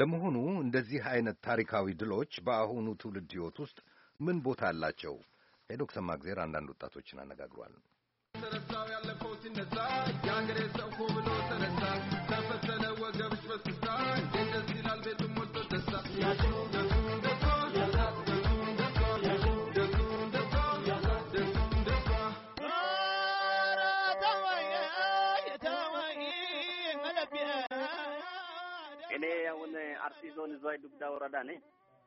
ለመሆኑ እንደዚህ አይነት ታሪካዊ ድሎች በአሁኑ ትውልድ ህይወት ውስጥ ምን ቦታ አላቸው? ሄኖክ ሰማእግዜር አንዳንድ ወጣቶችን አነጋግሯል። ተረሳው ያለፈው ሲነሳ የአገሬ ሰው ብሎ ተነሳ ተፈሰለ ወገብሽ በስሳ እንደዚህ አርሲ ዞን እዛ ዱግዳ ወረዳ ነኝ።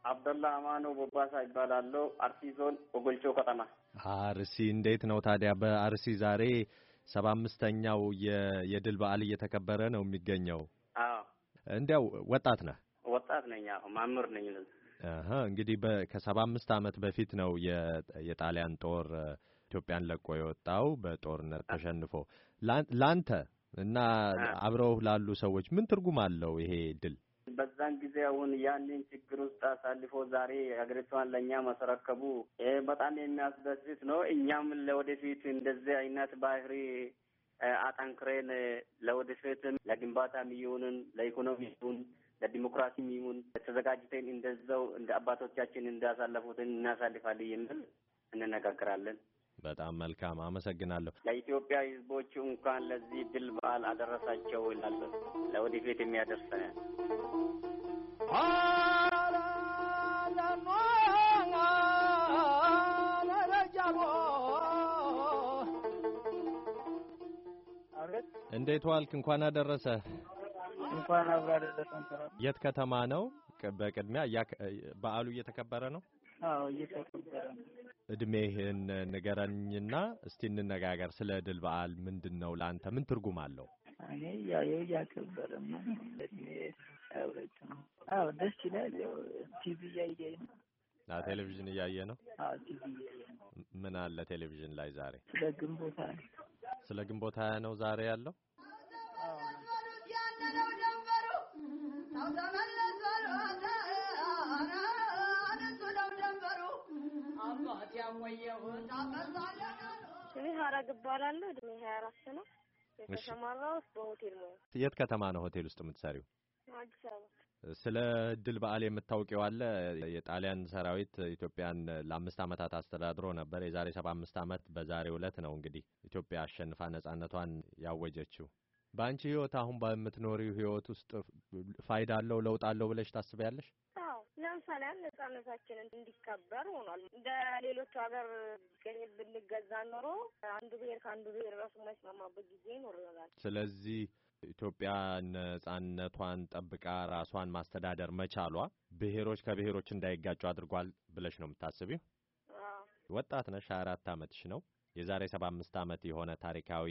አብደላ አማኖ ቦባሳ ይባላለው። አርሲ ዞን ወጎልቾ ከተማ። አርሲ እንዴት ነው ታዲያ? በአርሲ ዛሬ ሰባ አምስተኛው የድል በዓል እየተከበረ ነው የሚገኘው። አዎ እንዲያው ወጣት ነህ? ወጣት ነኝ፣ ማምር ነኝ። እንግዲህ ከሰባ አምስት ዓመት በፊት ነው የጣሊያን ጦር ኢትዮጵያን ለቆ የወጣው በጦርነት ተሸንፎ። ላንተ እና አብረው ላሉ ሰዎች ምን ትርጉም አለው ይሄ ድል? በዛን ጊዜ አሁን ያንን ችግር ውስጥ አሳልፎ ዛሬ ሀገሪቷን ለእኛ መሰረከቡ በጣም የሚያስደስት ነው። እኛም ለወደፊት እንደዚህ አይነት ባህሪ አጠንክሬን ለወደፊትም ለግንባታ የሚሆንን ለኢኮኖሚ ይሁን ለዲሞክራሲ ይሁን ተዘጋጅተን እንደዛው እንደ አባቶቻችን እንዳሳለፉትን እናሳልፋለን የሚል እንነጋገራለን። በጣም መልካም አመሰግናለሁ። ለኢትዮጵያ ሕዝቦች እንኳን ለዚህ ድል በዓል አደረሳቸው ይላለን ለወደፊት የሚያደርሰን እንዴት ዋልክ? እንኳን አደረሰ። እንኳን አብሮ አደረሰ። የት ከተማ ነው? በቅድሚያ በዓሉ እየተከበረ ነው? አዎ እየተከበረ ነው። እድሜህን ንገረኝና እስቲ እንነጋገር። ስለ ድል በዓል ምንድን ነው ለአንተ ምን ትርጉም አለው? እኔ ያየው እያከበረም እድሜ ሁለት ነው። አዎ ደስ ይላል። ቲቪ እያየ ነው ቴሌቪዥን እያየ ነው። ቲቪ እያየ ምን አለ ቴሌቪዥን ላይ ዛሬ? ስለ ግንቦታ ስለ ግንቦት ሃያ ነው ዛሬ ያለው ጀንበሩ ተመለሰ ስሜ ሀረግ እባላለሁ። እድሜ ሀያ አራት ነው። የተሰማራሁት በሆቴል ሙያ። የት ከተማ ነው ሆቴል ውስጥ የምትሰሪው? አዲስ አበባ። ስለ ድል በዓል የምታውቂው አለ? የጣሊያን ሰራዊት ኢትዮጵያን ለአምስት ዓመታት አስተዳድሮ ነበር። የዛሬ ሰባ አምስት ዓመት በዛሬው ዕለት ነው እንግዲህ ኢትዮጵያ አሸንፋ ነጻነቷን ያወጀችው። በአንቺ ህይወት አሁን በምትኖሪው ህይወት ውስጥ ፋይዳ አለው ለውጥ አለው ብለሽ ታስቢያለሽ? ሰላም ሰላም ነጻነታችንን እንዲከበር ሆኗል። እንደ ሌሎቹ ሀገር ገኝ ብንገዛ ኖሮ አንዱ ብሔር ከአንዱ ብሔር ራሱ የማይስማማበት ጊዜ ይኖረናል። ስለዚህ ኢትዮጵያ ነጻነቷን ጠብቃ ራሷን ማስተዳደር መቻሏ ብሔሮች ከብሔሮች እንዳይጋጩ አድርጓል ብለሽ ነው የምታስቢው? ወጣት ነሽ፣ ሀያ አራት አመትሽ ነው። የዛሬ ሰባ አምስት አመት የሆነ ታሪካዊ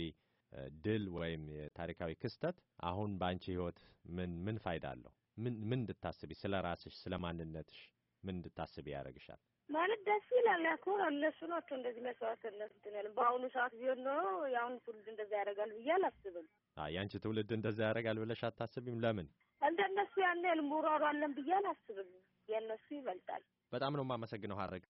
ድል ወይም የታሪካዊ ክስተት አሁን በአንቺ ህይወት ምን ምን ፋይዳ አለው? ምን ምን እንድታስቢ ስለ ራስሽ ስለ ማንነትሽ ምን እንድታስቢ ያደርግሻል? ማለት ደስ ይላል። ያኮር እነሱ ናቸው እንደዚህ መስዋዕትነት እንትን ያለ በአሁኑ ሰዓት ቢሆን ኖሮ የአሁኑ ትውልድ እንደዛ ያደርጋል ብዬ አላስብም። የአንቺ ትውልድ እንደዛ ያደርጋል ብለሽ አታስቢም? ለምን እንደነሱ ያን ያህል ሙራሩ አለን ብዬ አላስብም። የእነሱ ይበልጣል። በጣም ነው የማመሰግነው ሀረግ